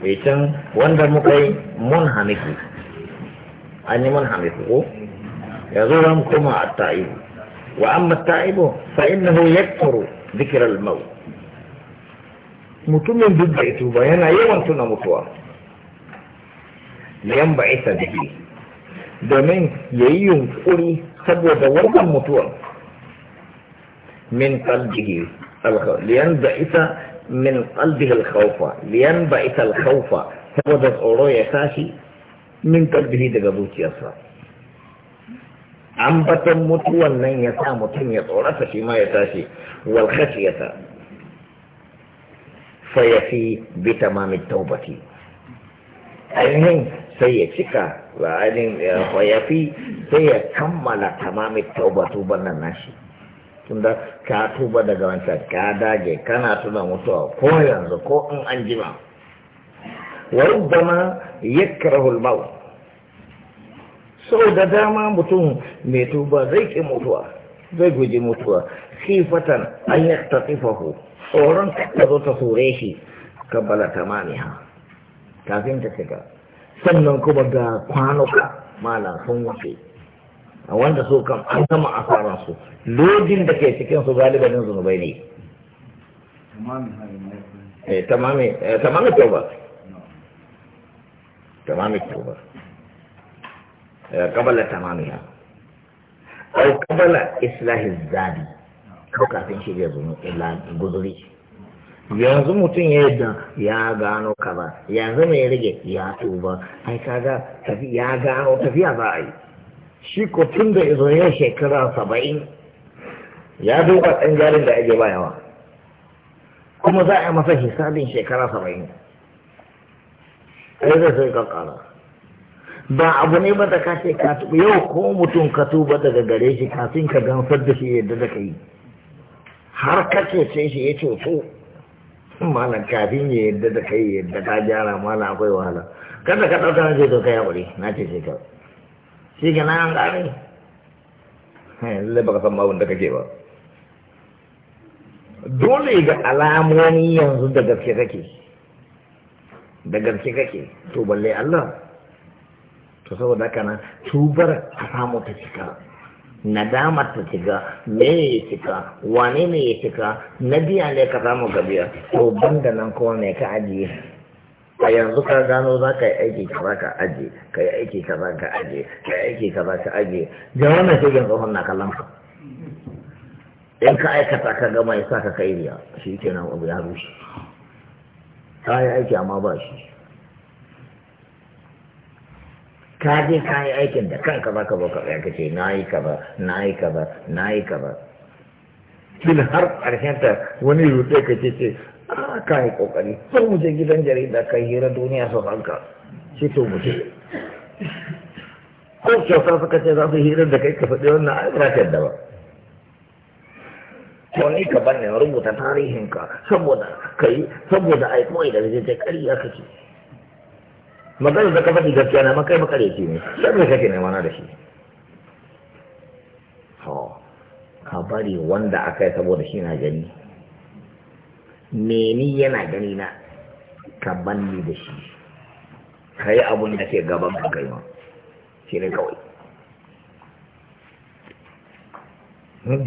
mai eh, can wanda muka yi mun hanifu an yi mun hanifu ko zo ran kuma a ta'ibu wa an ma ta'ibu fa innahu yakfuru dhikral maut mutumin duk da ito ba yana yawan tuna mutuwa yan ba isa bihi domin ya yi yunkuri saboda wannan mutuwa min qalbihi liyan da isa من قلبه الخوف لينبعث الخوف فقد الأورو يساشي من قلبه دقبوتي أصلا عم بتموت وانا يسا متن يطول فشي ما يساشي والخشية فيفي بتمام التوبة أين سيكسكا وأين فيفي سيكمل تمام التوبة بنا ناشي tunda ka tuba daga wancan ka dage kana tuna mutuwa ko yanzu ko in an jima wa rubbama yakrahu al sau da dama mutum mai tuba zai ki mutuwa zai guji mutuwa sifatan an yaktasifahu tsoron ta zo ta sure shi ta tamaniha kafin ta shiga sannan kuma ga kwanuka malam sun wuce wanda su kan an gama asaran su lodin da ke cikin su galibin zunubai ne tamami eh, eh, tamami tauba tamami tauba eh, kabala ha. au kabala islahi zabi ko kafin shirya guzuri yanzu mutum ya yadda ya gano kaba. yanzu mai rage ya tuba ai kaga ya gano tafiya za a yi shi ko tun da izo yau shekara saba'in ya duba ɗan jarin da ake bayawa kuma za a yi masa hisabin shekara saba'in sai zai sai kankara ba abu ne ba da ka ce ka tuba yau ko mutum ka tuba daga gare shi kafin ka gamsar da shi yadda da ka yi har ka ce sai shi ya ce su. malam kafin ya yadda da ka yi yadda ka gyara malam akwai wahala kada ka ɗauka na ce to ka yi wuri na ce shekaru. si ga nan gane hmm, lalle baka san abin da kake ba dole ga alamomi yanzu da gaske kake da gaske kake to balle Allah to saboda kana tubar a samu ta cika nadamar ta cika, me ya cika, wane ne ya cika, na biya ne ka samu ka biya to banda nan kuma ne ka ajiye a yanzu ka gano za ka yi aiki ka ba ka aje ka yi aiki ka ba ka aje ka yi aiki ka ba ka aje da wannan shigin tsohon na kallon ka in ka aikata ka gama ya sa ka kai riya shi ke nan abu ya rushe ka yi aiki amma ba shi ka je ka yi aikin da kanka ba ka boka ya kace na yi ka ba na yi ka ba na yi ka ba bil har ƙarshen ta wani rute ka ce ce ka yi kokari sai mu je gidan jarida ka hira duniya sau ranka shi to mu je ko kyauta suka ce za su hira da kai ka faɗi wannan ai ba ta ba to ni ka bane rubuta tarihin ka saboda kai saboda ai idan je kai ta ya kace magana da ka faɗi gaskiya na makai makareci ne sai ka kake ma na da shi to ka bari wanda aka yi saboda shi na gani meni yana gani na ka banni da shi ka yi abun da ke gaban ka kai ma shi ne kawai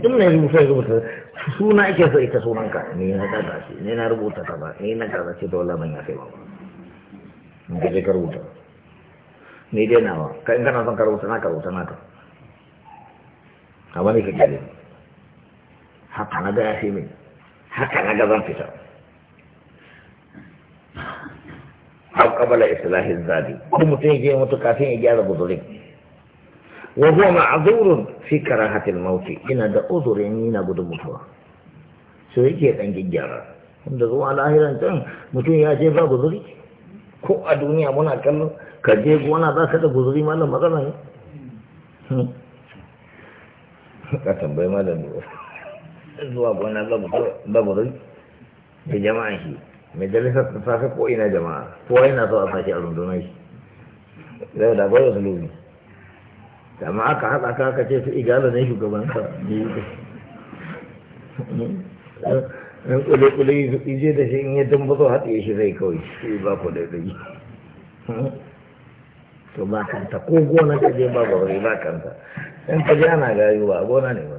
duk na yi musa rubuta suna ake so ita sunanka ne na kaza shi ne na rubuta ba ne na kaza ce dole ban ya kai ba ba ne ka rubuta ne dai nawa ka in kana son ka rubuta na ka rubuta na ka a wani ka gani haka na gaya shi mai haka na zan fita hau kabala islahin zadi ko mutum ya mutu kafin ya gyara guzurin wa huwa ma'azurun fi karahatil mauti ina da uzurin yana gudun mutuwa so yake dan gyara wanda zuwa lahiran can mutum ya je ba guzuri ko a duniya muna kallon ka je gona za ka da guzuri malam magana ne hmm. ka tambayi malam ne zuwa gona labarai da jama'a shi mai jalisar ta safe ko ina jama'a kowa yana so a sashi a rundunar shi zai da bai wasu lumi amma aka haɗa ka aka ce su igala ne shugaban ka in kule-kule ije da shi in yi bazo haɗe shi zai kawai shi ba ku daidai to ba kanta ko gona ka je ba ba ba kanta in ka je ana gayuwa gona ne ba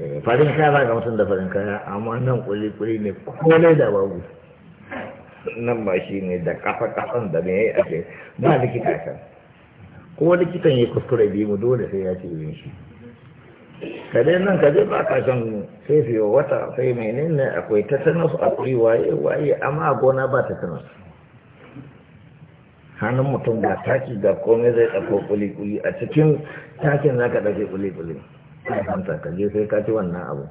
Eh, farin kaya za ga mutum da farin kaya amma nan kuli-kuli ne da babu nan ba shi ne da kafa-kafan da me a ake ba likita kan ko likitan ya kuskure biyu mu dole sai ya ce yin shi ka dai nan ka je ba ka san sai fiye wata sai menene ne akwai tetanus akwai waye waye amma gona ba tetanus hannun mutum ga taki ga komai zai ɗauko kuli-kuli a cikin takin za ka ɗauke kuli-kuli sai hanta ka je sai ka ci wannan abu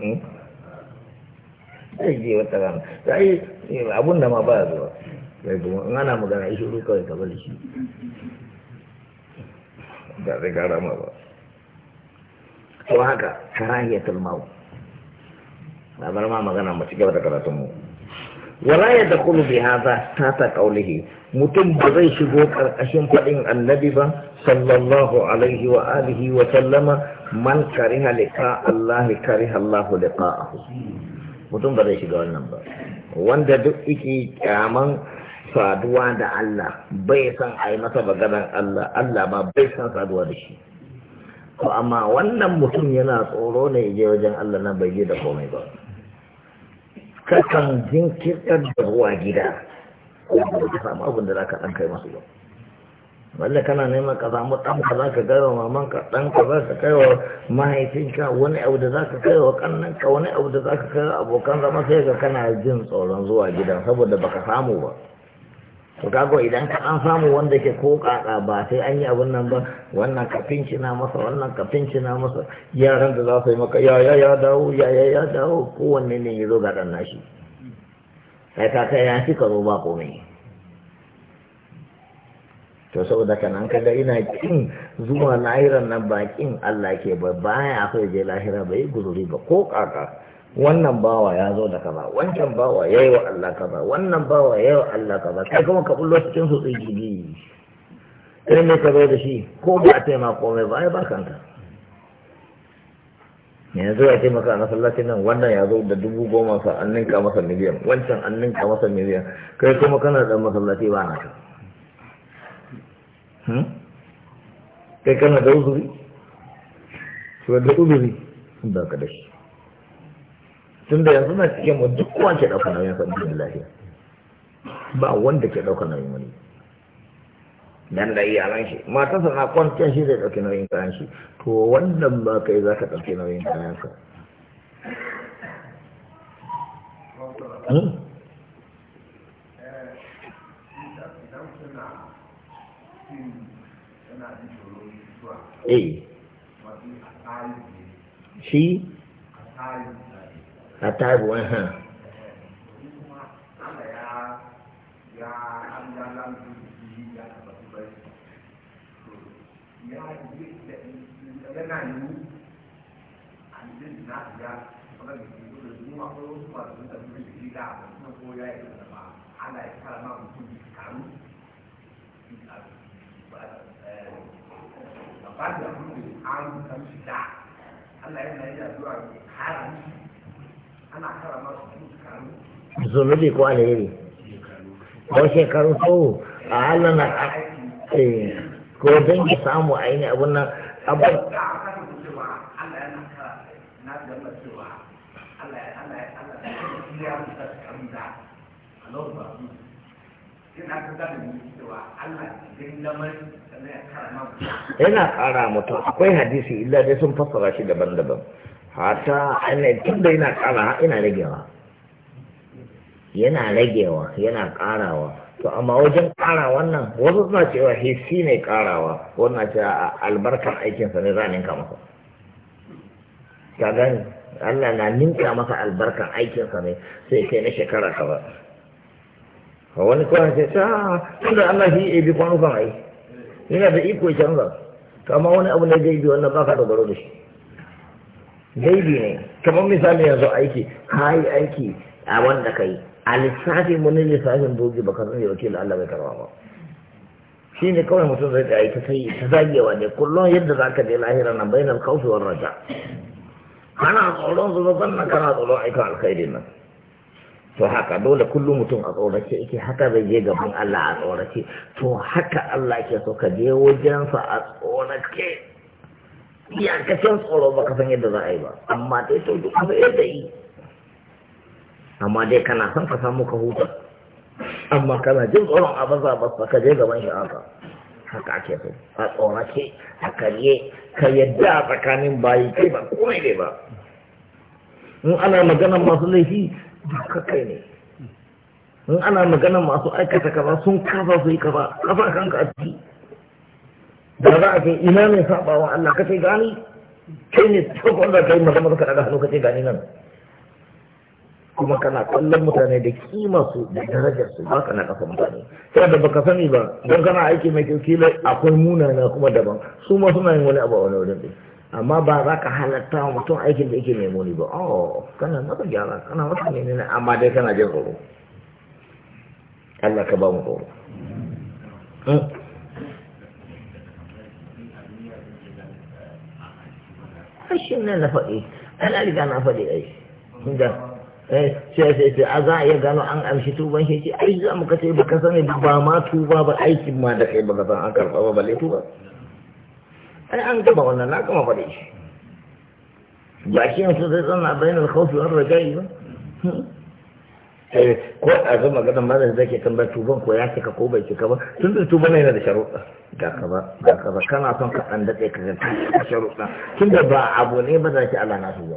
sai hmm? je wata rana sai abun da ma ba zuwa sai kuma in ana magana ishi ru kawai ka bari shi ba zai gara ma ba to haka karahiyatul maut na bar ma magana mu ci gaba da karatun mu wala ya da kulu bi haza ta ta kaulihi mutum ba zai shigo karkashin faɗin annabi ba صلى الله عليه وآله وسلم من كره لقاء الله كره الله لقاءه mutum ba zai shiga wannan ba wanda duk iki kyaman saduwa da Allah bai san a yi masa maganar Allah Allah ma bai san saduwa da shi to amma wannan mutum yana tsoro ne ya je wajen Allah na bai da komai ba kakan jinkirtar da ruwa gida ya samu abin da za ka ɗan kai masu ba? wanda kana neman ka samu dan ka za ka gaiwa mamanka ɗan ka za ka kaiwa mahaifinka wani abu da za ka kaiwa ka wani abu da za ka kaiwa abokan zama sai ga kana jin tsoron zuwa gidan saboda baka samu ba to kago idan ka an samu wanda ke ko kaka ba sai an yi abun nan ba wannan ka na masa wannan ka na masa yaran da za su yi maka ya ya ya dawo ya ya ya dawo kowanne ne ya zo ga dan nashi sai ka kai ya shi ka zo ba komai to saboda kan an kaga ina kin zuwa lahiran nan bakin Allah ke ba baya akwai je lahira bai gururi ba ko kaka wannan bawa ya zo da kaza wancan bawa yayi wa Allah kaza wannan bawa yayi wa Allah kaza kai kuma ka bullo cikin su tsigi kai ne ka da shi ko ba a taimaka komai ba ai ba kanka yanzu ya taimaka a masallacin nan wannan ya zo da dubu goma sa an ninka masa miliyan wancan an ninka masa miliyan kai kuma kana da masallaci ba na ka Hmm? kai kana da uzuri su da uzuri sun da shi tun da yanzu na cikin mu duk kowa ke ɗaukar nauyin sa da lafiya ba wanda ke ɗaukar nauyin wani dan da iyalan shi matarsa na kwanciyar shi zai ɗauki nauyin kayan shi to wannan ba kai za ka ɗauki nauyin kayan ka hmm? eh shi a taibu uh-huh. ha Ana yi kara ma mutum karu, ba ba da buɗe ayyukan su da Allah yana yi addu'a ne haram ana karama su shekaru zunubi ko alheri ko shekaru ko a Allah na eh, ko don ki samu aini abun nan abun Ina kusa da cewa Allah cikin lamarin yana ƙara mutum akwai hadisi illa dai sun fassara shi daban-daban hata tun da yana ƙara ina ragewa yana ragewa yana ƙarawa to amma wajen kara wannan wasu suna cewa hissi ne ƙarawa wannan ce albarkar aikinsa ne za ninka masa ka gani Allah na ninka masa albarkar aikinsa ne sai kai na shekara ka ba wani kawai sai ta tunda Allah shi ebi kwanukan ai yana da iko canza kama wani abu na gaibi wannan baka dogaro da shi gaibi ne kamar misali yanzu aiki kayi aiki a wanda ka yi a lissafin wani lissafin bogi baka sani wakil Allah bai karba ba shi ne kawai mutum zai tsaye ta sai ta zagewa ne kullum yadda za ka je lahira nan bainar kausuwar raja Kana tsoron zuwa kana tsoron aikin alkhairi nan to haka dole kullum mutum a tsorace yake haka zai je gaban Allah a tsorace to haka Allah ke so ka je wajensa a tsorace iyakacin tsoro ba ka san yadda za a yi ba amma dai to duk ka yadda yi amma dai kana son ka samu ka huta amma kana jin tsoron a baza ba ka je gaban shi haka haka ake so a tsorace a karye ka yadda a tsakanin bayi kai ba komai ne ba in ana magana masu laifi duka kai ne in ana magana masu aikata kaza sun kaza su yi kaza kafa kanka a ciki da za a ce ina ne wa Allah kace gani kai ne tukun da kai magana ka daga hannu kace gani nan kuma kana kallon mutane da kima su da daraja su ba kana kasa mutane sai da baka sani ba don kana aiki mai kyau kila akwai munana kuma daban su ma suna yin wani abu a wani wurin din amma ba za ka halatta wa mutum aikin da yake maimuni ba oh kana mata gyara kana masa ne ne amma dai kana jin tsoro Allah ka ba mu tsoro Ashin nan na faɗi, ana riga na faɗi ai. Inda, eh, sai sai sai, a za a iya gano an amshi tuban shi ce, ai za mu kace ba ka sani ba ma tuba ba aikin ma da kai ba ka san an karɓa ba balle tuba. ai an gaba wannan na gama faɗi shi ba shi yanzu zai tsana bayanar hausu wani rajayi ba eh, ko a zo maganar ma da zake kan ba tuban ko ya cika ko bai cika ba tun da tuban yana da sharuɗa ga ka ga ka kana son ka ɗan daɗe ka ga sharuɗa tun da ba abu ne ba za ki ala nasu ba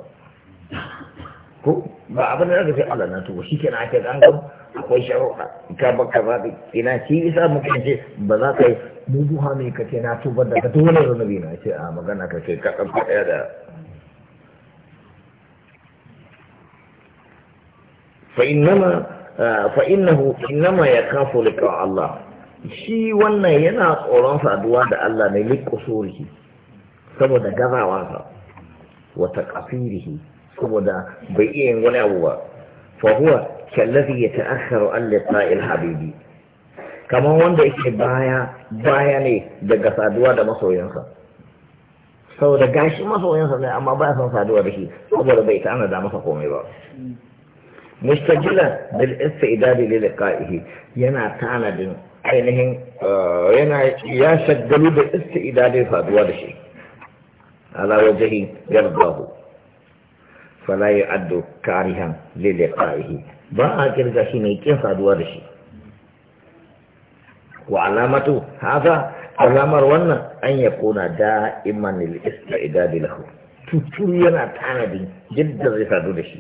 ko ba abin da zaka ce Allah na tuba shi kenan ake an gama akwai sharuɗa ka ba ka ba ina shi isa muke ce ba za ka yi dubuha mai ka ce na tuba daga duk wani zunubi na ce a magana ka ce ka ɗauka ɗaya da fa innama fa innahu innama yakafu Allah shi wannan yana tsoron saduwa da Allah ne liqusurihi saboda gazawansa wa taqsirihi saboda bai iya yin wani abu ba fa huwa kallazi yata'akharu an liqa'il habibi kamar wanda yake baya baya ne daga saduwa da masoyinsa saboda gashi masoyinsa ne amma ba son saduwa da shi saboda bai tana da masa komai ba mustajila bil istidadi li liqa'ihi yana tanadin ainihin eh, yana ya shaddalu da istidadi saduwa da shi ala wajhi yardahu fala addu karihan li liqa'ihi ba a kirga shi mai kin saduwa da shi wa alamatu haka alamar wannan an yakuna da'iman lil istidad lahu tutur yana tanadin yadda zai sadu da shi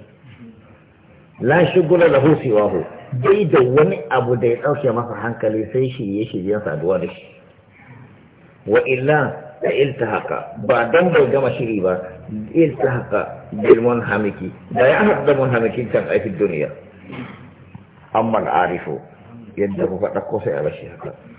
la shugula lahu siwahu bai da wani abu da ya ɗauke masa hankali sai shirye shiryen saduwa da shi wa illa da ilta haka ba dan bai gama shiri ba إيه التحق بالمنهمك لا يعرف بالمنهمك كم في الدنيا أما العارف يده فقد قصي على الشيخ